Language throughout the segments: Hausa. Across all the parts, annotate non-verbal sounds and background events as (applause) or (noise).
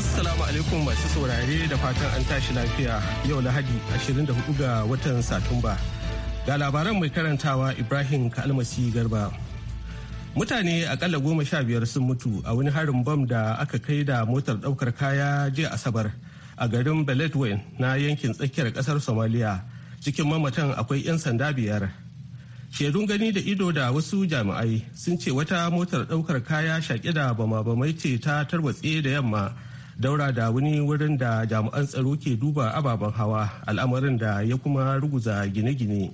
Assalamu alaikum masu saurare da fatan an tashi lafiya yau Lahadi 24 ga watan Satumba. Ga labaran mai karantawa Ibrahim Kalmasi Garba. Mutane akalla goma sha biyar sun mutu a wani harin bam da aka kai da motar daukar kaya jiya Asabar a garin Beledweyne na yankin tsakiyar kasar Somalia cikin mamatan akwai 'yan sanda biyar. shaidun gani da ido da wasu jami'ai sun ce wata motar daukar kaya shaƙi da bama-bamai ce ta tarwatse da yamma daura da wani wurin da jami'an tsaro ke duba ababen hawa al'amarin da ya kuma ruguza gine-gine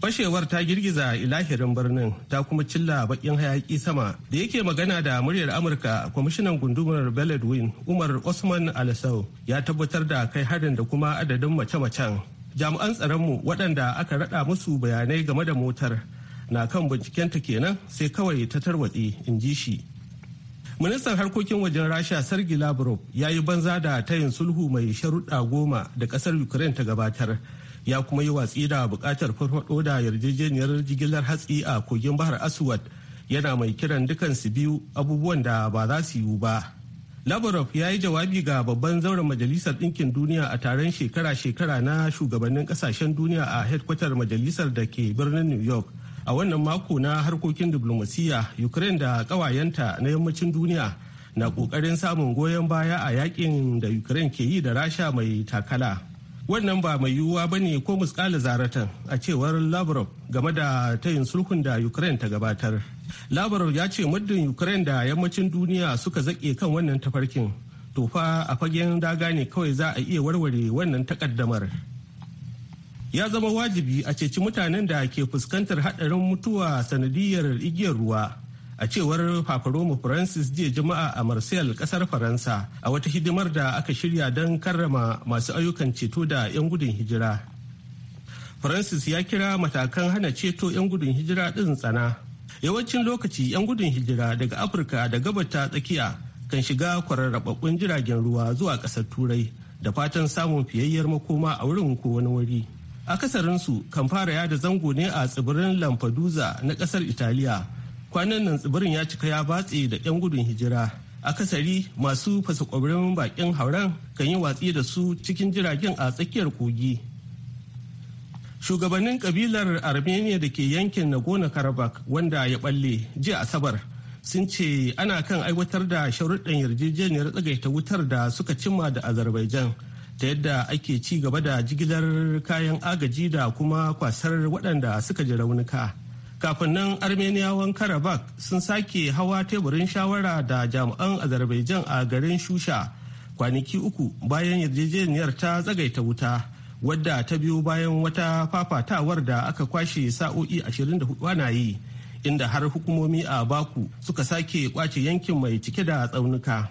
fashewar ta girgiza ilahirin birnin ta kuma cilla bakin hayaki sama da yake magana da muryar amurka kwamishinan gundumar beledwin umar osman alasau ya tabbatar da kai harin da kuma adadin mace-macen jami'an tsaronmu waɗanda aka raɗa musu bayanai game da motar na kan bincikenta kenan sai kawai ta tarwatse in ji shi ministan harkokin wajen rasha sergei lavrov ya yi banza da tayin sulhu mai sharuɗa goma da ƙasar ukraine ta gabatar ya kuma yi watsi da buƙatar farfaɗo da yarjejeniyar jigilar hatsi a kogin bahar aswad yana mai kiran dukansu biyu abubuwan da ba za su yiwu ba lavrov ya yi jawabi ga babban zauren majalisar ɗinkin duniya a taron shekara-shekara na shugabannin ƙasashen duniya a hedkwatar majalisar da ke birnin new york a wannan mako na harkokin diplomasiya ukraine da ƙawayenta na yammacin duniya na ƙoƙarin samun goyon baya a yakin da ukraine ke yi da rasha mai takala wannan ba mai yiwuwa ba ne ko muskala zaratan a cewar lavrov game da tayin sulhun da ukraine ta gabatar lavrov ya ce muddin ukraine da yammacin duniya suka zaƙe kan wannan tafarkin to fa a fagen daga ne kawai za a iya warware wannan takaddamar ya zama wajibi a ceci mutanen da ke fuskantar haɗarin mutuwa sanadiyar igiyar ruwa a cewar paparoma francis jiya juma'a a marseille kasar faransa a wata hidimar da aka shirya don karrama masu ayyukan ceto da 'yan gudun hijira francis ya kira matakan hana ceto 'yan gudun hijira din tsana yawancin lokaci 'yan gudun hijira daga afirka da gabata tsakiya kan shiga kwararrababbun jiragen ruwa zuwa ƙasar turai da fatan samun fiyayyar makoma a wurin ko wani wuri akasarinsu kan fara yada zango ne a tsibirin lamfaduza na kasar italiya kwanan nan tsibirin ya cika ya batse da 'yan gudun hijira akasari masu fasakwabrin bakin hauren kan yi watsi da su cikin jiragen a tsakiyar kogi shugabannin kabilar armenia da ke yankin nagona karabakh wanda ya balle jiya asabar sun ce ana kan aiwatar da sharuɗan yarjejeniyar tsagaita wutar da suka cimma da azerbaijan ta yadda ake ci gaba da jigilar kayan agaji da kuma kwasar waɗanda suka ji raunuka kafin nan armeniyawan karabak sun sake hawa teburin shawara da jami'an azerbaijan a garin shusha kwanaki uku bayan yarjejeniyar ta tsagaita wuta wadda ta biyo bayan wata fafatawar da aka kwashe sa'o'i 24 ana yi inda har hukumomi a baku suka sake kwace yankin mai cike da tsaunuka.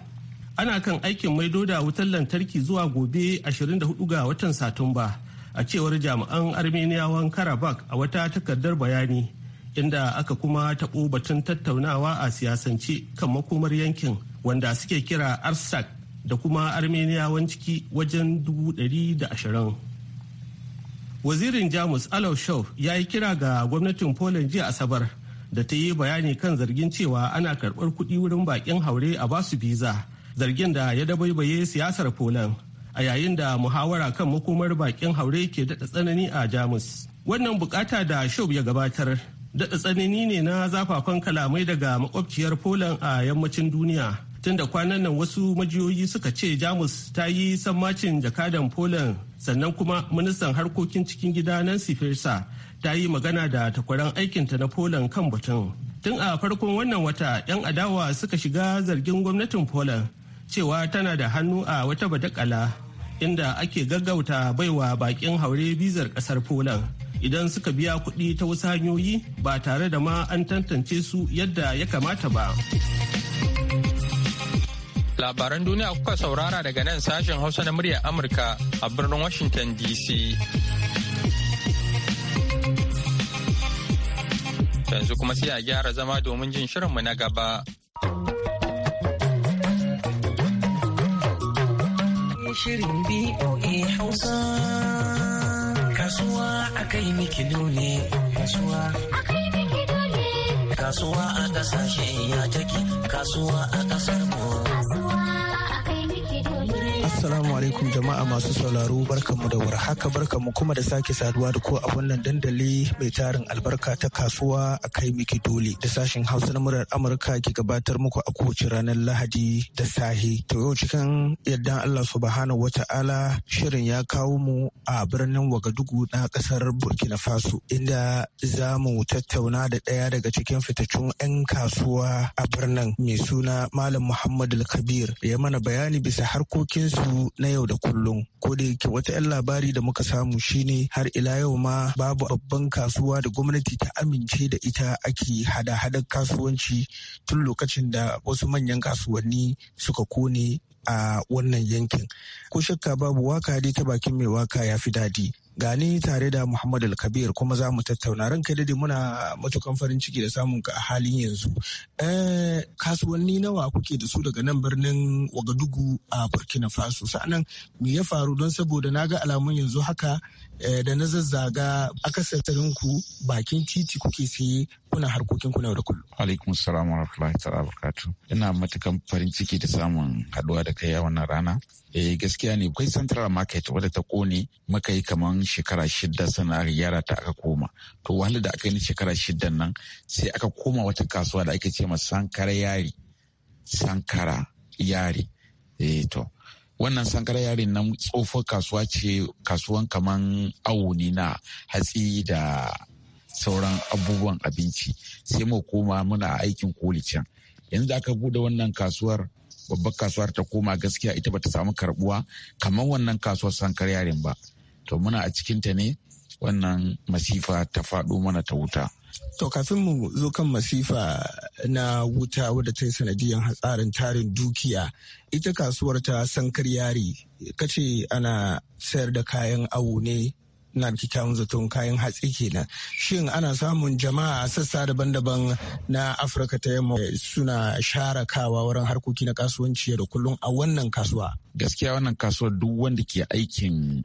ana kan aikin maido da wutar lantarki zuwa gobe 24 ga watan satumba a cewar jami'an armeniyawan karabak a wata takardar bayani inda aka kuma taɓo batun tattaunawa a siyasance kan makomar yankin wanda suke kira arsak da kuma armeniyawan ciki wajen 120 wazirin jamus alau shaw ya yi kira ga gwamnatin poland jiya asabar da ta yi bayani kan zargin cewa ana karɓar kuɗi wurin baƙin haure a basu biza zargin da ya dabaibaye siyasar poland a yayin da muhawara kan makomar bakin haure ke daɗa tsanani a jamus wannan bukata da shob ya gabatar daɗa tsanani ne na zafafan kalamai daga makwabciyar poland a yammacin duniya tunda kwanan nan wasu majiyoyi suka ce jamus ta yi sammacin jakadan poland sannan kuma ministan harkokin cikin gida nan sifirsa ta yi magana da takwaran aikinta na poland kan batun tun a farkon wannan wata 'yan adawa suka shiga zargin gwamnatin poland cewa tana da hannu a wata badakala inda ake gaggauta baiwa bakin haure bizar kasar poland idan suka biya kuɗi ta wasu hanyoyi ba tare da ma an tantance su yadda ya kamata ba labaran duniya kuka saurara daga nan sashen hausa na muryar amurka a birnin washington dc yanzu kuma sai a gyara zama domin jin shirinmu na gaba. shirin BOA Hausa. Kasuwa a kai miki dole. Kasuwa a kai miki dole. Kasuwa a kasashe ya take. Kasuwa a kasar mu. Kasuwa. Assalamu alaikum jama'a masu sauraro barkamu da haka barkanmu kuma da sake saduwa da ku a wannan dandali mai tarin albarka ta kasuwa a kai miki dole da sashen Hausa na murar Amurka ke gabatar muku a kowace ranar Lahadi da sahi. To yau cikin yadda Allah subhanahu wata'ala shirin ya kawo mu a birnin Wagadugu na kasar Burkina Faso inda za mu tattauna da ɗaya daga cikin fitaccun 'yan kasuwa a birnin mai suna Malam Muhammad Kabir ya mana bayani bisa harkokinsu na yau da kullum ko da yake wata 'yan labari da muka samu shine har ila yau ma babu babban kasuwa da gwamnati ta amince da ita ake hada-hadar kasuwanci tun lokacin da wasu manyan kasuwanni suka kone a wannan yankin ko shakka babu waka dai ta bakin mai waka ya fi daɗi gani tare da Muhammad Alkabir kuma za mu tattauna ranka dade muna matukan farin ciki da samun ka a halin yanzu. Eh, kasuwanni nawa kuke da su daga nan birnin Wagadugu a Burkina Faso Sa'anan mu ya faru don saboda na ga alamun yanzu haka eh, da na zazzaga akasarin ku bakin titi kuke saye kuna harkokin ku na da kullum. Alaikum salam wa rahmatullahi ta'ala barakatu. Ina matukan farin ciki da samun haduwa da kai a wannan rana. Eh gaskiya ne akwai Central Market wadda ta kone muka yi kaman na shekara shidda sana yara ta aka koma to wahalar da aka yi ni shekara shidda nan sai aka koma wata kasuwa da ake ce ma sankara yari sankara yari eh to wannan sankara yari nan tsofa kasuwa ce kasuwan kaman awuni na hatsi da sauran abubuwan abinci sai mu koma muna aikin koli can yanzu aka bude wannan kasuwar babbar kasuwar ta koma gaskiya ita bata samu karbuwa kamar wannan kasuwar sankar yarin ba to muna a cikinta ne wannan masifa ta faɗo mana ta wuta. To kafin mu zo kan masifa na wuta wadda ta yi sanadiyar hatsarin tarin dukiya ita kasuwar ta sankar yari kace ana sayar da kayan awo ne na kyawun zaton kayan hatsi kenan shin ana samun jama'a a sassa daban-daban na afirka ta yamma suna share kawa wurin harkoki na kasuwanci da kullum a wannan kasuwa gaskiya wannan kasuwar duk wanda ke aikin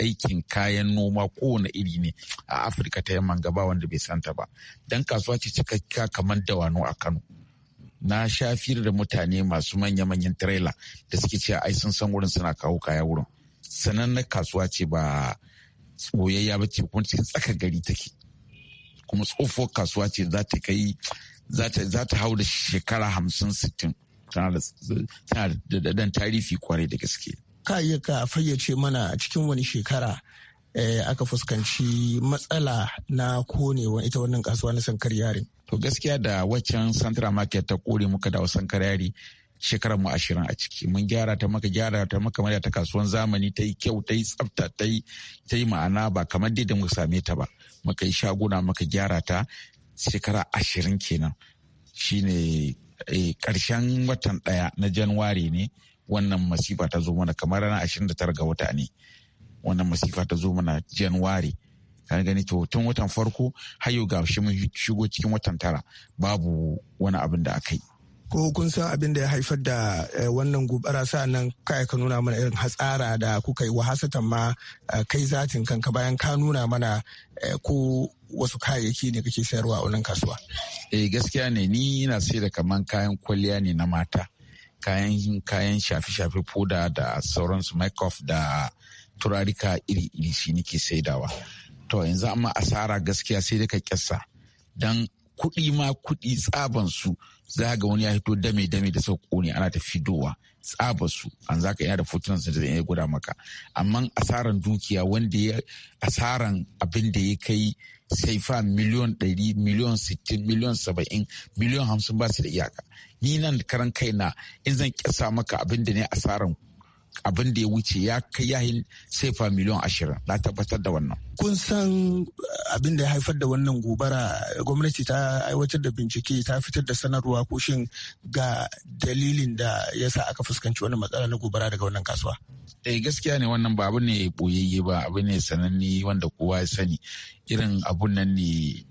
aikin kayan noma kowane iri ne a afirka ta yamman gaba wanda bai santa ba don kasuwa ce cikakka kamar dawano a kano na shafir da mutane masu manya-manyan trailer da suke cewa ai sun san wurin suna kawo kaya wurin sanan na kasuwa ce ba tsoyayya ba ce kuma cikin tsakar gari take kuma tsofuwar kasuwa ce za ta kai za ta hau da shekara hamsin sittin tana da ɗan tarihi kwarai da gaske ka iya ka fayyace mana a cikin wani shekara eh, aka fuskanci matsala na konewa ita wannan kasuwa na sankar yari. To gaskiya da waccan Central Market ta kore muka da sankar yari shekarar mu ashirin a ciki mun gyara ta maka gyara ta maka mai ta kasuwan zamani ta yi kyau ta yi tsafta ta yi ma'ana ba kamar da mu same ta ba muka yi shaguna muka gyara ta shekara ashirin kenan shine karshen eh, watan ɗaya na januwari ne wannan masifa ta zo mana kamar ranar 29 ga wata ne wannan masifa ta zo mana januwari kan gani to tun watan farko har yau ga shi mun shigo cikin watan tara babu wani abin da aka yi ko kun san abin da ya haifar da eh, wannan gobara nan kai ka nuna mana irin hatsara da kuka yi wahasatan ma eh, kai zatin kanka bayan ka nuna mana eh, ko wasu kayayyaki ne kake sayarwa a wannan kasuwa eh gaskiya ne ni ina sai da kaman kayan kwalliya ne na mata kayan kayan shafe-shafe foda da sauransu makeup da turarika iri-iri shi nake saidawa to yanzu amma asara gaskiya sai dai ka kyasa dan kuɗi ma kuɗi tsaban su za ga wani ya hito dame dame da sau ne ana ta fidowa tsaban su an za ka yana da fotunan da ya guda maka amma asaran dukiya wanda ya asaran abin da ya kai sai fa miliyon ɗari miliyon sittin miliyon saba'in miliyon hamsin ba su da iyaka ni nan karan kaina in zan kisa maka abin da ne asaran abin da ya wuce ya kai yahin sefa miliyan ashirin na tabbatar da wannan. Kun san eh, abin da ya haifar da wannan gobara gwamnati ta aiwatar da bincike ta fitar da sanarwa ko shin ga dalilin da ya sa aka fuskanci wani matsala na gobara daga wannan kasuwa. Eh gaskiya ne wannan ba abu ne boyayye ba abu ne sananne wanda kowa ya sani irin abun nan ne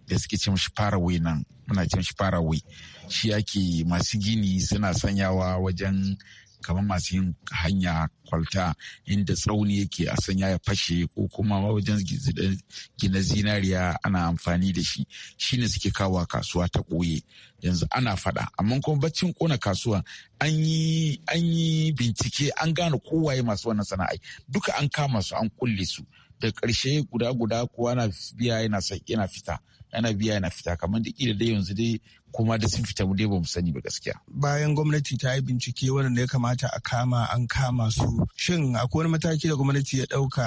da suke shi mishi wai nan muna shi mishi wai. shi ake masu gini suna sanyawa wajen kamar masu yin hanya kwalta inda tsauni yake a sanya ya fashe ko kuma wajen gina zinariya ana amfani da shi shine suke kawo kasuwa ta ɓoye yanzu ana faɗa amma kuma baccin kona kasuwa an yi bincike an gane kowaye masu wannan sana'a duka an kama su an kulle su da ƙarshe guda guda kowa na biya yana fita yana biya yana fita kamar da ƙila dai yanzu dai kuma da sun fita mu dai ba mu sani ba gaskiya. Bayan gwamnati ta yi bincike waɗanda ya kamata a kama an kama su shin akwai wani mataki da gwamnati ya ɗauka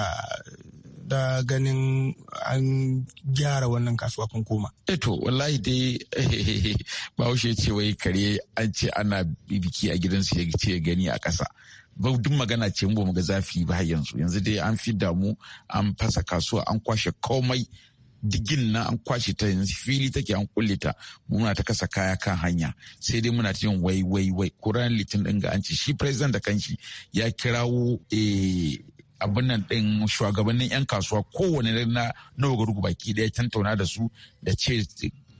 da ganin an gyara wannan kasuwa kun koma. Eto eh wallahi dai (laughs) bahaushe ce wai kare an ce ana biki a gidansu ya ce gani a ƙasa. duk magana ce mu ga zafi ba yanzu yanzu dai an fi damu an fasa kasuwa an kwashe komai digin na an kwashe ta yanzu fili take an kulle ta muna ta kasa kaya kan hanya sai dai muna ta yin wai wai wai ko ranar litin din ga an ci shi president da kanshi ya kirawo eh, abin nan din shugabannin yan kasuwa kowane na nawa garuku baki daya tantauna da su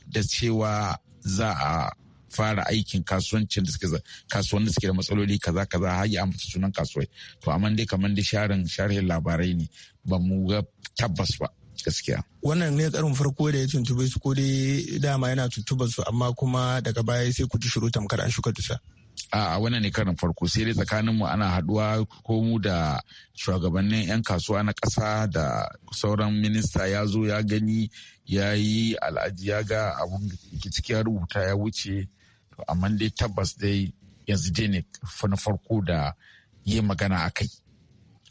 da cewa za a fara aikin kasuwancin da suke kasuwanni suke da matsaloli kaza kaza har ya amsa sunan kasuwai to amma dai kamar dai sharin sharhin labarai ne ba mu ga tabbas ba gaskiya wannan ne karin farko da ya tuntube su ko dai dama yana tuntuba su amma kuma daga baya sai ku ji shiru tamkar an shuka dusa a wannan ne karin farko sai dai tsakanin mu ana haduwa ko mu da shugabannin 'yan kasuwa na kasa da sauran minista ya zo ya gani ya yi al'aji ya ga abun cikin ya rubuta ya wuce amma dai tabbas dai yanzu dai ne na farko da yi magana a kai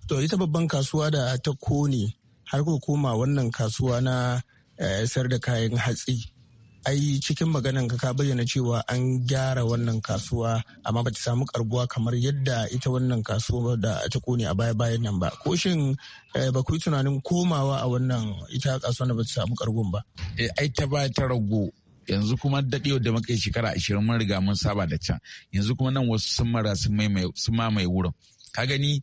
to ita babban kasuwa da ta kone har ko koma wannan kasuwa na eh, sayar da kayan hatsi ai cikin maganan ka bayyana cewa an gyara wannan kasuwa amma ba ta samu karguwa kamar yadda ita wannan kasuwa da ta kone a baya bayan nan ba ko shin eh, ba ku tunanin komawa a wannan ita kasuwa da ba ta samu kargun ba eh, ai ta ba ta rago yanzu kuma daɗewa da muka yi shekara ashirin mun riga mun saba da can yanzu kuma nan wasu sun mara sun ma mai wurin ka gani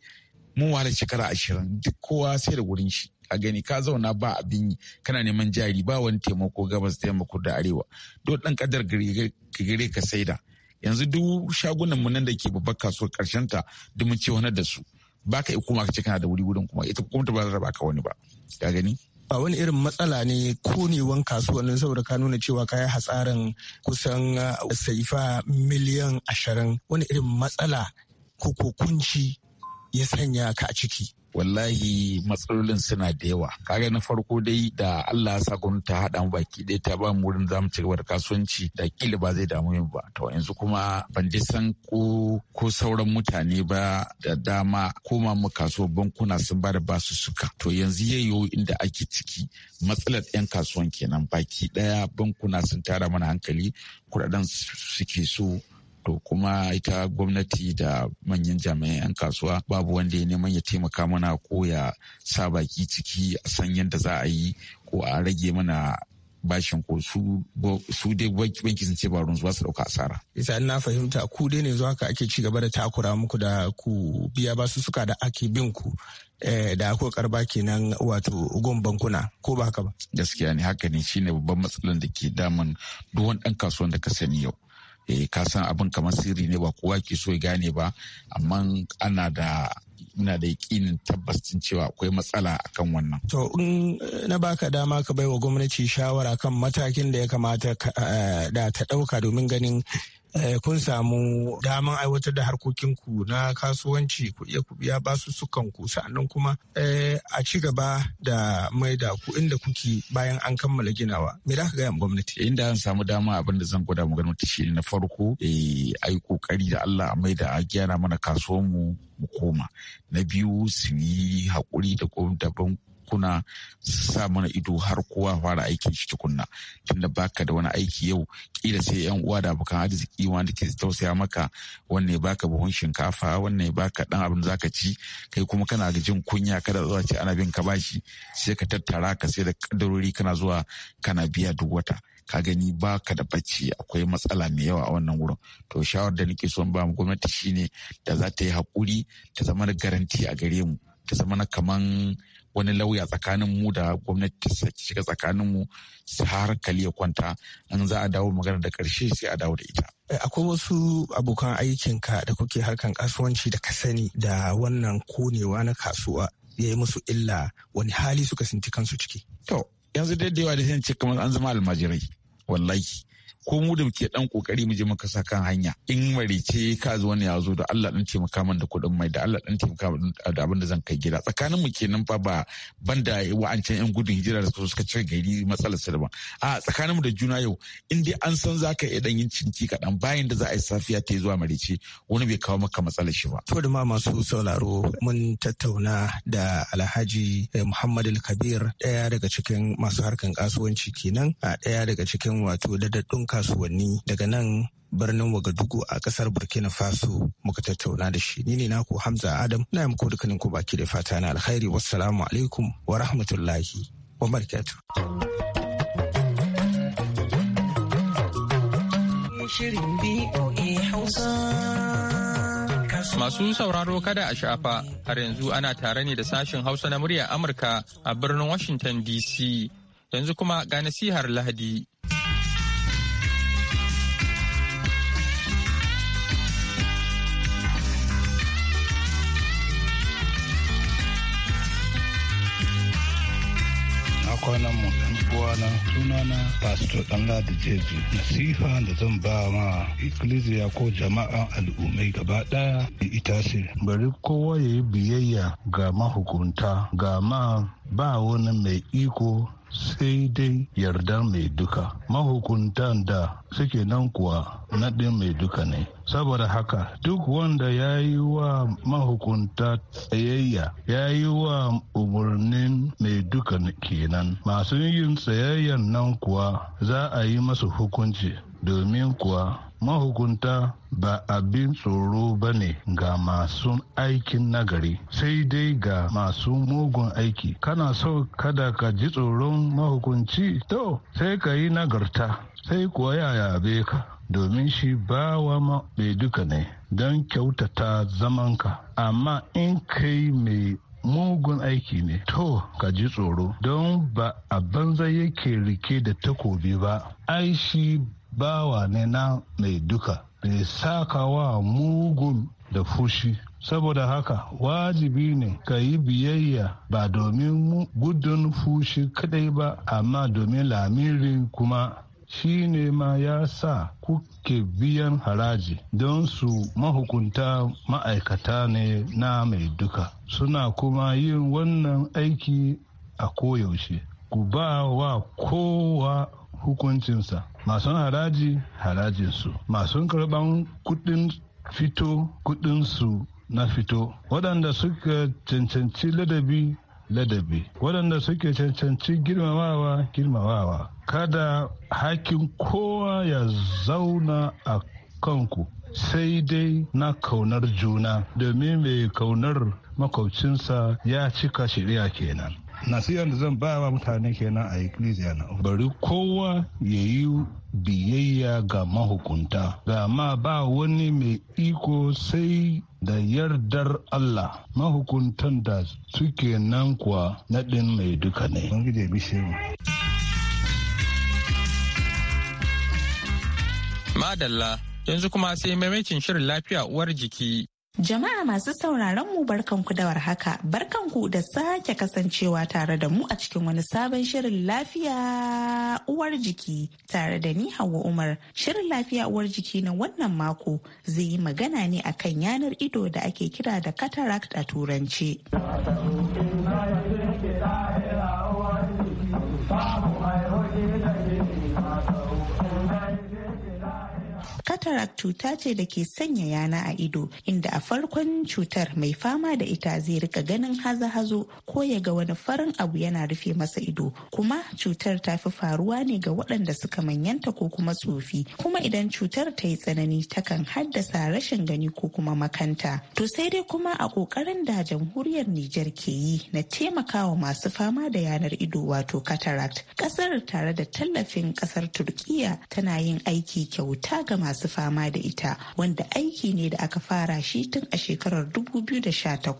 mun wahala shekara ashirin duk kowa sai da wurin shi a gani ka zauna ba abin yi kana neman jari ba wani taimako gabas taimako da arewa dole dan kadar gare ka saida yanzu duk shagunan mu nan da ke babbar kasuwar karshen ta duk mun ce wani da su baka iya kuma ka ce kana da wuri wurin kuma ita kuma ta ba za ka wani ba ka gani ba wani irin matsala ne konewan kasuwannin saboda ka nuna cewa kayi hatsarin kusan uh, saifa miliyan ashirin wani irin matsala ko kunci ya sanya ka a ciki wallahi matsalolin suna da yawa kaga na farko dai da Allah ya sa gwamnati ta haɗa mu baki ɗaya ta ba mu wurin zamu ci gaba da kasuwanci da kila ba zai damu mu ba to yanzu kuma ban dai san ko ko sauran mutane ba da dama koma mu kasuwar bankuna sun ba da basu suka to yanzu ya yiwu inda ake ciki matsalar 'yan kasuwan kenan baki ɗaya bankuna sun tara mana hankali kuɗaɗen suke so to kuma ita gwamnati da manyan jami'an 'yan kasuwa babu wanda ya neman ya taimaka mana ko ya sa baki ciki a san yadda za a yi ko a rage mana bashin ko su dai banki sun ce ba ruwan ba su dauka asara. Isa na fahimta ku dai ne zuwa ka ake ci gaba da takura muku da ku biya ba su suka da ake bin ku eh, da ko karba kenan wato gun bankuna ko ba haka ba. Gaskiya ne haka ne shine babban matsalar da ke damun duwan dan kasuwan da ka sani yau. eh ka san abin kamar sirri ne ba kowa ke so ya gane ba amma ana da ina da yakinin tabbacin cewa akwai matsala akan wannan. To in eh, na baka dama ka bai wa gwamnati shawara kan matakin da ya kamata eh, da ta ɗauka domin ganin Eh, kun samu daman aiwatar da harkokinku na kasuwanci ku iya ku biya basu sukan ku sa'annan kuma eh, a ci gaba da mai da ku inda kuke bayan an kammala ginawa me za ka gaya gwamnati eh, inda an samu dama abin da zan gwada mu gwamnati shi na farko a yi kokari da Allah a da a gyara mana kasuwanmu mu koma na biyu su yi haƙuri da da kuna sa mana ido har kowa fara aikin shi tukunna tunda baka da wani aiki yau kila sai yan uwa da abokan arziki wanda ke tausaya maka wannan baka buhun shinkafa wannan ya baka dan abin zaka ci kai kuma kana da jin kunya kada zuwa ce ana bin ka bashi sai ka tattara ka sai da kadarori kana zuwa kana biya duk wata ka gani ba ka da bacci akwai matsala mai yawa a wannan wurin to shawar da nake son ba mu gwamnati shine da za ta yi hakuri ta zama da garanti a gare mu ta zama na kaman wani lauya tsakanin mu da gwamnati ta shiga tsakanin mu har kali ya kwanta in za a dawo magana da karshe sai a dawo da ita eh, akwai wasu abokan aikinka da kuke harkan kasuwanci da ka sani da wannan konewa na kasuwa ya yi musu illa wani hali suka sinti kansu ciki to yanzu dai da yawa da sai kamar an zama almajirai wallahi ko mu da muke dan kokari mu je muka sa kan hanya in marice ka zo wani ya zo da Allah dan taimaka min da kuɗin mai da Allah dan taimaka min da abin da zan kai gida tsakanin mu kenan fa ba banda wa'ancan yan gudun hijira da suka cire gari matsalar su daban a tsakanin mu da juna yau in dai an san zaka iya dan yin cinki kaɗan bayan da za a yi safiya ta zuwa marice wani bai kawo maka matsalar shi ba. To da ma masu sauraro mun tattauna da Alhaji eh, Muhammad Kabir daya daga cikin masu harkan kasuwanci kenan a daya daga cikin wato da tsofaffin kasuwanni daga nan birnin Wagadugu a kasar Burkina Faso muka tattauna da shi. Ni ne naku Hamza Adam na yi muku dukkanin ku baki da fata na alkhairi wassalamu alaikum wa rahmatullahi wa barakatuh. Masu sauraro kada a shafa har yanzu ana tare ne da sashen Hausa na murya Amurka a birnin Washington DC yanzu kuma ga nasihar Lahadi. kwanan mu dan uwana sunana pastor da Jeji nasiha da zan ba ma ikkilisiya ko jama'an al'ummai gaba daya da itace. bari kowa ya yi biyayya ga mahukunta ga ma ba wani mai iko sai dai yarda mai duka mahukuntan da suke nan kuwa naɗin mai duka ne saboda haka duk wanda ya yi wa mahukunta tsayayya ya yi wa umarnin mai duka kenan masu yin tsayayyan nan kuwa za a yi masu hukunci domin kuwa mahukunta ba abin tsoro ba ne ga masu aikin nagari sai dai ga masu mugun aiki kana so kada ka ji tsoron mahukunci to sai ka yi nagarta sai kuwa yaya be ka domin shi bawa ma duka ne don kyautata zamanka amma in kai mai mugun aiki ne to ka ji tsoro don ba a banza yake rike da takobi ba ai shi bawa ne na mai duka mai sakawa mugun da fushi saboda haka wajibi ne ka yi biyayya ba domin gudun fushi kadai ba amma domin lamirin kuma shi ne ma ya sa kuke biyan haraji don su mahukunta ma'aikata ne na mai duka suna kuma yin wannan aiki a koyaushe ku ba wa kowa hukuncinsa masu haraji harajinsu masu karɓan kuɗin fito kuɗinsu na fito waɗanda suka cancanci ladabi ladabi waɗanda suke cancanci girmamawa girmamawa kada hakin kowa ya zauna a kanku sai dai na kaunar juna domin mai kaunar makwabcinsa ya cika shari'a kenan nasiyar da zan ba wa mutane kenan a ecclesia na bari kowa ya yi biyayya ga mahukunta ga ma ba wani mai iko sai da yardar Allah mahukuntan da suke nan kuwa naɗin mai duka ne. Madalla yanzu kuma sai maimakin shirin lafiya uwar jiki Jama'a masu sauraron mu barkanku da warhaka, barkanku da sake kasancewa tare da mu a cikin wani sabon shirin lafiya uwar jiki tare da ni Hauwa Umar. Shirin lafiya uwar jiki na wannan mako zai yi magana ne akan yanar ido da ake kira da cataract a turanci. cataract cuta ce da ke sanya yana a ido inda a farkon cutar mai fama da ita zai rika ganin hazo-hazo ko ya ga wani farin abu yana rufe masa ido kuma cutar ta fi faruwa ne ga waɗanda suka manyanta ko kuma tsofi kuma idan cutar ta yi tsanani takan haddasa rashin gani ko kuma makanta to sai dai kuma a ƙoƙarin da jamhuriyar Nijar ke yi na taimakawa masu fama da yanar ido wato cataract ƙasar tare da tallafin ƙasar Turkiya tana yin aiki kyauta ga masu masu fama da ita wanda aiki ne da aka fara shi tun a shekarar 2018.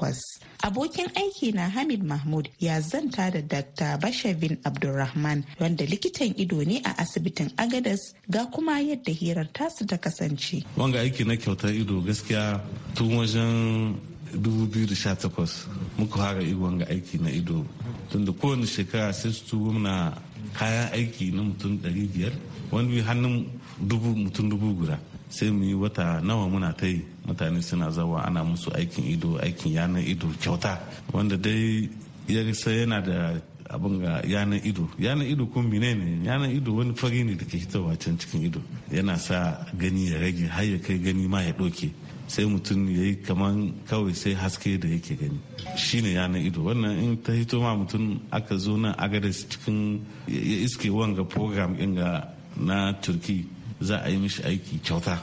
Abokin aiki na Hamid Mahmud ya zanta da Dr. bashabin Abdulrahman wanda likitan ido ne a asibitin Agadas ga kuma yadda hirar tasu ta kasance. Wanga aiki na kyautar ido gaskiya tun wajen 2018 muka fara iwon wanga aiki na ido tunda kowane shekara sai su muna kayan aiki na mutum 500 wani hannun dubu mutum dubu guda sai mu yi wata nawa muna ta yi mutane suna zawa ana musu aikin ido aikin yanar ido kyauta wanda dai ya sai yana da abin ga yanar ido yanar ido kun mine ne yanar ido wani fari ne da ke hitowa can cikin ido yana sa gani ya rage har ya kai gani ma ya ɗauke sai mutum ya yi kaman kawai sai haske da yake gani shine yanar ido wannan in ta hito ma mutum aka zo nan agadis cikin ya iske wanga program ɗin ga na turki za a yi mishi aiki kyauta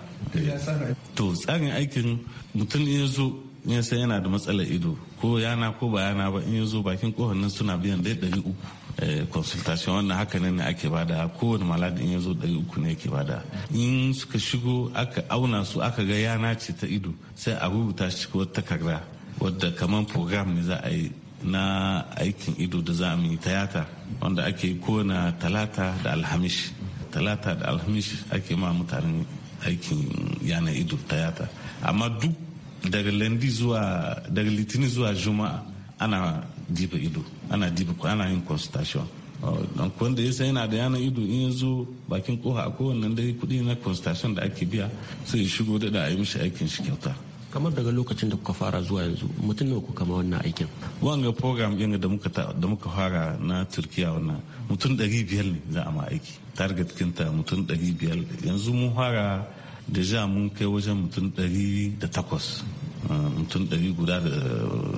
to tsarin aikin mutum in ya zo ya san yana da matsalar ido ko yana ko ba yana ba in ya zo bakin kohon suna biyan dai ɗari uku eh, consultation wannan haka ne ake bada kowane maladi in ya zo ɗari uku ne yake bada in suka shigo aka auna su aka ga yana ce ta ido sai a rubuta shi cikin wata takarda wadda kamar program ne za a yi na aikin ido da za mu yi yata wanda ake kona talata da alhamis talata da alhamis ake ma mutanen aikin yana ido tayata amma duk daga lendi zuwa daga litinin zuwa juma'a ana diba ido ana diba ana yin consultation don wanda ya san yana da yana ido in ya zo bakin koha a kowannan dare kudi na consultation da ake biya sai ya shigo da a yi mishi aikin shi kyauta kamar daga lokacin da kuka fara zuwa yanzu mutum ne kuka ma wannan aikin wanga program din da muka da muka fara na turkiya wannan mutum 500 ne za a ma aiki target kinta mutum 500 yanzu mun fara deja mun kai wajen mutum 800 ah, mutum ɗari guda da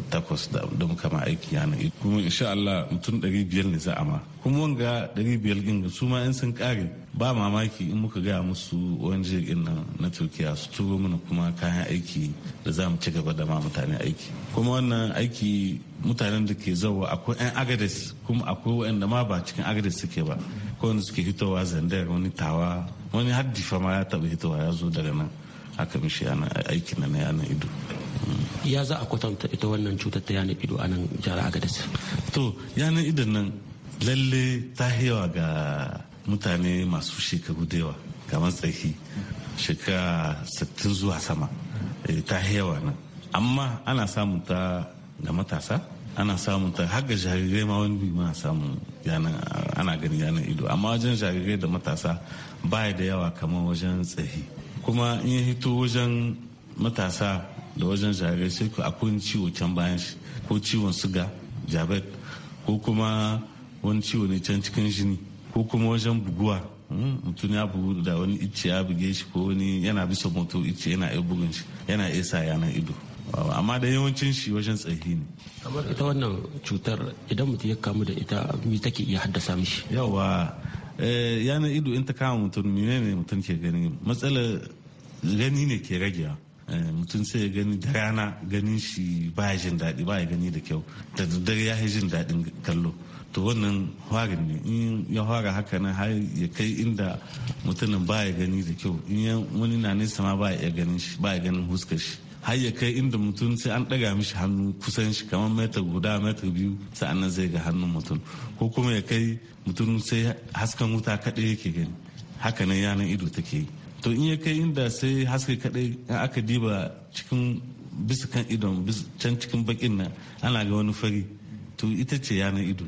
takwas da muka ma aiki yanar kuma insha Allah mutum 500 biyar ne za a ma kuma wanga ɗari biyar ɗin su ma yan sun ƙare ba mamaki in muka gaya musu wani jirgin nan na turkiya su turo mana kuma kayan aiki da za mu ci gaba da ma mutane aiki kuma wannan aiki mutanen da ke zauwa akwai 'yan agadis kuma akwai wa'anda ma ba cikin agadis suke ba ko wanda suke hitowa zandar wani tawa wani har difa ma ya taɓa hitowa ya zo daga nan aka mishi aiki na yanar ido ya za a kwatanta ita wannan cutar ta yanar ido a nan jihar agadis. to yanar idon nan lalle ta hiyawa ga mutane masu shekaru da yawa kamar tsaki shekara 60 zuwa sama eh, ta yawa nan amma ana samun ta ga matasa ana samun ta har ga jarirai ma wani bi ma samun yanan ana ganin yanan ido amma wajen jarirai da matasa ba da yawa kamar wajen tsahi kuma in ya hito wajen matasa da wajen jarirai sai ku akwai ciwo can bayan shi ko ciwon suga jabet ko kuma wani ciwo ne can cikin jini ko kuma wajen buguwa hmm, mutum ya bugu da wani icce ya buge shi ko wani yana bisa moto icce yana iya bugun shi yana iya sa yanar ido amma da yawancin shi wajen tsayi ne kamar ita wannan cutar idan mutum ya kamu da ita mi take iya haddasa mishi yawa eh, yanar ido in ta kama mutum ne mutum ke gani matsala gani ne ke ragewa eh, mutum sai ya gani da rana ganin shi ba ya jin daɗi ba ya gani da kyau da daddare ya yi jin daɗin kallo to wannan hwarin ne in ya hwara haka nan har ya kai inda mutumin ba ya gani da kyau in wani na nesa ma ba ya ganin shi ba ya ganin huskar shi har ya kai inda mutum sai an ɗaga mishi hannu kusan shi kamar metar guda metar biyu sa'annan zai ga hannun mutum ko kuma ya kai mutum sai hasken wuta kaɗai yake gani haka nan yanar ido take yi to in ya kai inda sai haske kaɗai in aka diba cikin bisa kan idon can cikin bakin nan ana ga wani fari to ita ce yanar ido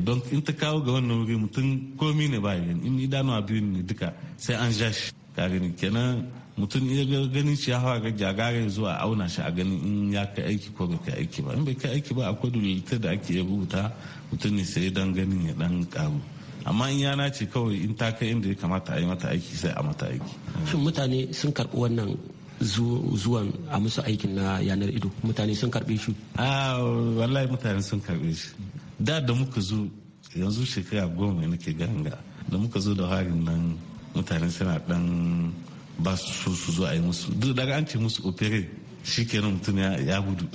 donc in ta kawo ga wannan wuri mutum komi ne ba yin in idanuwa biyu ne duka sai an ja shi ka gani kenan mutum ya ganin shi ya hawa ga jagara zuwa auna shi a ganin in ya kai aiki ko bai kai aiki ba in bai kai aiki ba akwai dulilta da ake rubuta mutum ne sai dan ganin ya dan karu amma in yana ce kawai in ta kai inda ya kamata a yi mata aiki sai a mata aiki shin mutane sun karɓi wannan zuwan a musu aikin na yanar ido mutane sun karɓe shi a ah, wallahi mutane sun karɓe shi da da muka zo yanzu shekara goma nake ganga da muka zo da harin nan mutane suna dan ba su su zo a yi musu duk daga an ce musu opere shi kenan mutum ya gudu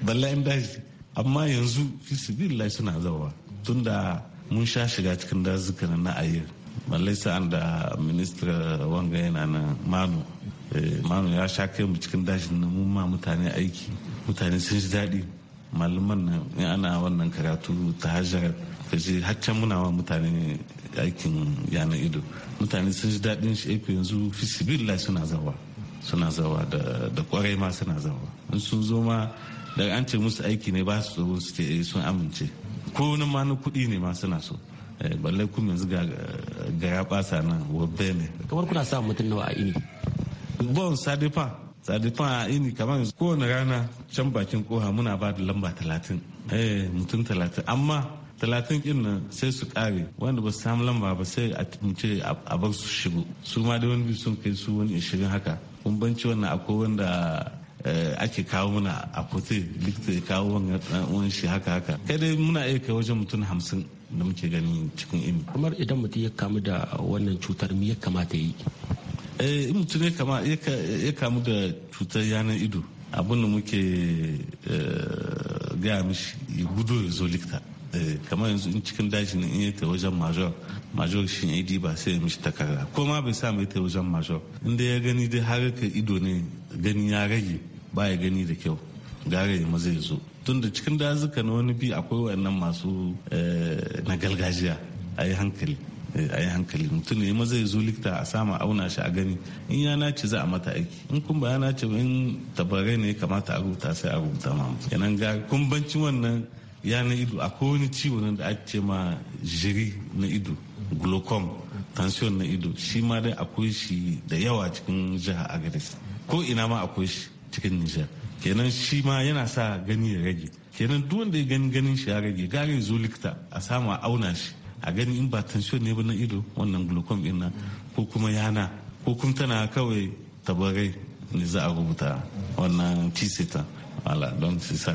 (laughs) balla in daji amma yanzu fisibillah suna zawa da mun sha shiga cikin dazuka na ayyar ballai sa'an da ministar wanga yana na manu eh, manu ya sha kai mu cikin dajin na mun ma mutane aiki mutane sun ji daɗi malaman nan ana wannan karatu ta hajjar ka je haccan muna wa mutane aikin yanar ido mutane sun ji daɗin shi eh, yanzu fisibilla suna zawa suna zawa da kwarai ma suna zawa in sun zo ma daga an ce musu aiki ne ba su tsoro su ce eh, sun amince ko wani ma na kuɗi ne ma suna so eh, balle kuma yanzu ga gara ɓasa nan wabbe ne kamar kuna sa mutum nawa a ini bon ça fa ini kamar kowane rana can bakin koha muna ba da lamba talatin eh mutum talatin amma talatin kin nan sai su kare wanda ba su samu lamba ba sai a tunce a bar su shigo su ma da wani sun kai su wani shirin haka kun banci wannan akwai wanda eh, ake kawo muna a kote likita ya kawo wani shi haka haka kai dai muna iya kai wajen mutum hamsin da muke gani cikin imi kamar idan mutum ya kamu da wannan cutar mu ya kamata yi Eh, in mutum ya kamu da cutar yanar ido abin da muke eh, gaya mishi ya gudu ya zo likita eh, kamar yanzu in cikin daji ne in ya ta wajen major major shi ne diba sai ya mishi takarda ko ma bai sa mai ta wajen major inda ya gani dai har ka ido ne gani ya rage ba ya gani da kyau gara ya maza ya zo tun da cikin dazuka na wani bi akwai wayannan masu na gargajiya a yi hankali Eh, a yi hankali mutum ne maza ya zo likita a sama auna shi a gani in ya nace za a mata aiki in kun ba ya nace in tabarai ne kamata a rubuta sai a rubuta ma kenan ga kumbancin wannan ya na ido a wani ciwo nan da ake ma jiri na ido glaucom tension na ido shi ma dai akwai shi da yawa cikin jiha agares ko ina ma akwai shi cikin nijar kenan shi ma yana sa gani ya rage kenan duk wanda ya gani ganin shi ya rage gare zo likita a sama auna shi a gani in ba tension ne ba na ido wannan glucom din nan ko kuma yana ko kuma tana kawai tabarai ne za a rubuta wannan tisita wala don sisa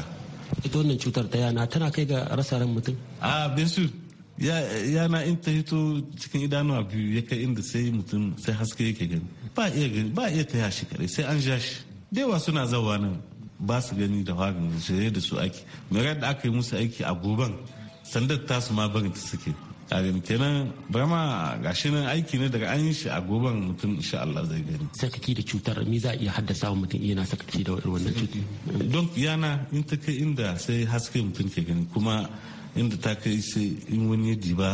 ita wannan cutar ta yana tana kai ga rasa ran mutum a bensu yana in ta hito cikin idanuwa biyu ya kai inda sai mutum sai haske yake gani ba iya gani ba iya taya shi kare sai an jashi. shi dewa suna zawa nan ba su gani da hagan shirye da su aiki mai da aka yi musu aiki a goban sandar tasu ma barin ta suke abin kenan bama gashi nan aiki ne daga an shi a goban mutum insha Allah zai gani sakaki da cutar me za a iya haddasa wa mutum yana sakaki da wannan cutar don yana in ta kai inda sai haske mutum ke gani kuma inda ta kai sai in wani ya diba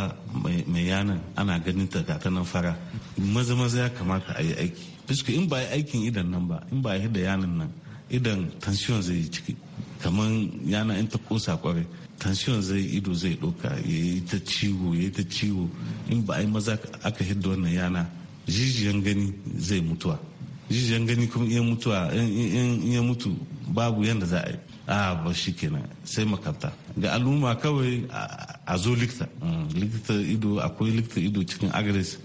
mai yanan ana ganin ta ta nan fara maza maza ya kamata a yi aiki fiske in ba yi aikin idan nan ba in ba yi da yanan nan idan tension zai yi ciki kamar yana in ta kosa kwarai tension zai ido zai ɗauka ya yi ta ciwo ya yi ta ciwo in ba a yi maza aka hidda wannan yana jijiyan gani zai mutuwa jijiyan gani kuma iya mutuwa in ya mutu babu yadda za a yi a ba shi kenan sai makarta ga al'umma kawai a zo likita mm, likita ido akwai likita ido cikin agres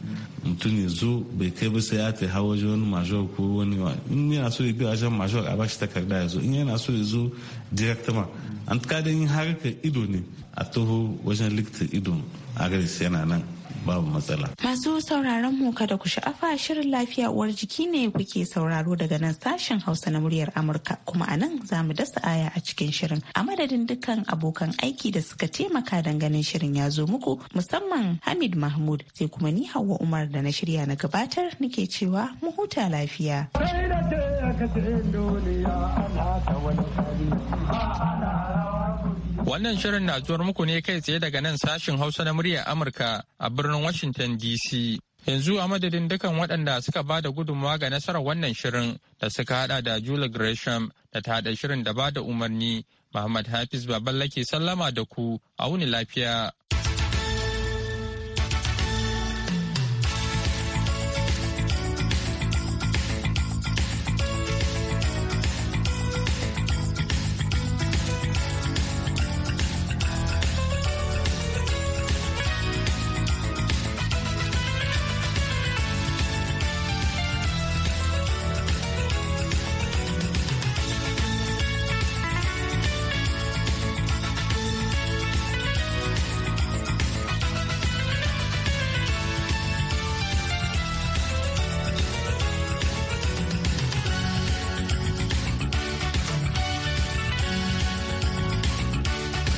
mutum ya zo bai kai ba sai ya ta hawa waje wani major ko wani in yana so ya bi wajen major a shi takarda ya zo in yana so ya zo directement an yin harkar ido ne a taho wajen likita ido agaris yana nan babu matsala. Masu sauraron mu kada ku sha'afa shirin lafiya uwar jiki ne kuke sauraro daga nan sashen Hausa na muryar Amurka kuma a nan za mu dasa aya a cikin shirin. A madadin dukkan abokan aiki da suka taimaka don ganin shirin ya zo muku musamman Hamid Mahmud sai kuma ni Hauwa Umar da na shirya na gabatar nake cewa mu huta lafiya. Wannan shirin na zuwar muku ne kai tsaye daga nan sashin Hausa na muryar Amurka a birnin Washington DC. Yanzu a madadin dukan waɗanda suka ba da gudunmawa ga nasarar wannan shirin da suka haɗa da Julie Gresham da ta haɗa shirin da ba da umarni Muhammad Hafiz ke sallama da ku a wuni lafiya.